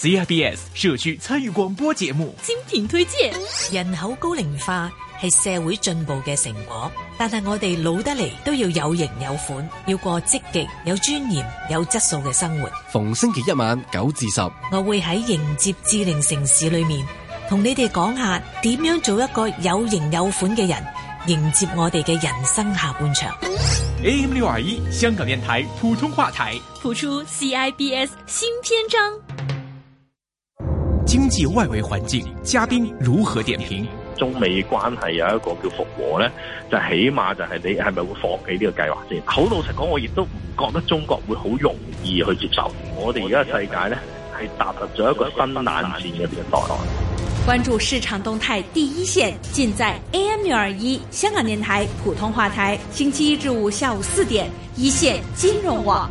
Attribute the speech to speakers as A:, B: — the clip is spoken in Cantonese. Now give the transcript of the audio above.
A: CIBS 社區參與廣播節目，精品推薦，人口高齡化係社會進步嘅成果，但係我哋老得嚟都要有型有款，要過積極、有尊嚴、有質素嘅生活。逢星期一晚九至十，我會喺迎接智齡城市裏面同你哋講一下點樣做一個有型有款嘅人，迎接我哋嘅人生下半場。AM 六二一，香港電台普通話台，譜出 CIBS 新篇章。經濟外圍環境，嘉賓如何點評？中美關係有一個叫復和呢，就起碼就係你係咪會放棄呢個計劃先？好老實講，我亦都唔覺得中國會好容易去接受。我哋
B: 而家嘅世界呢，係踏入咗一個新冷戰嘅時代。
A: 關注市場動態，第一線盡在 AM 六二一，香港電台普通話台，星期一至五下午四點，一線金融網。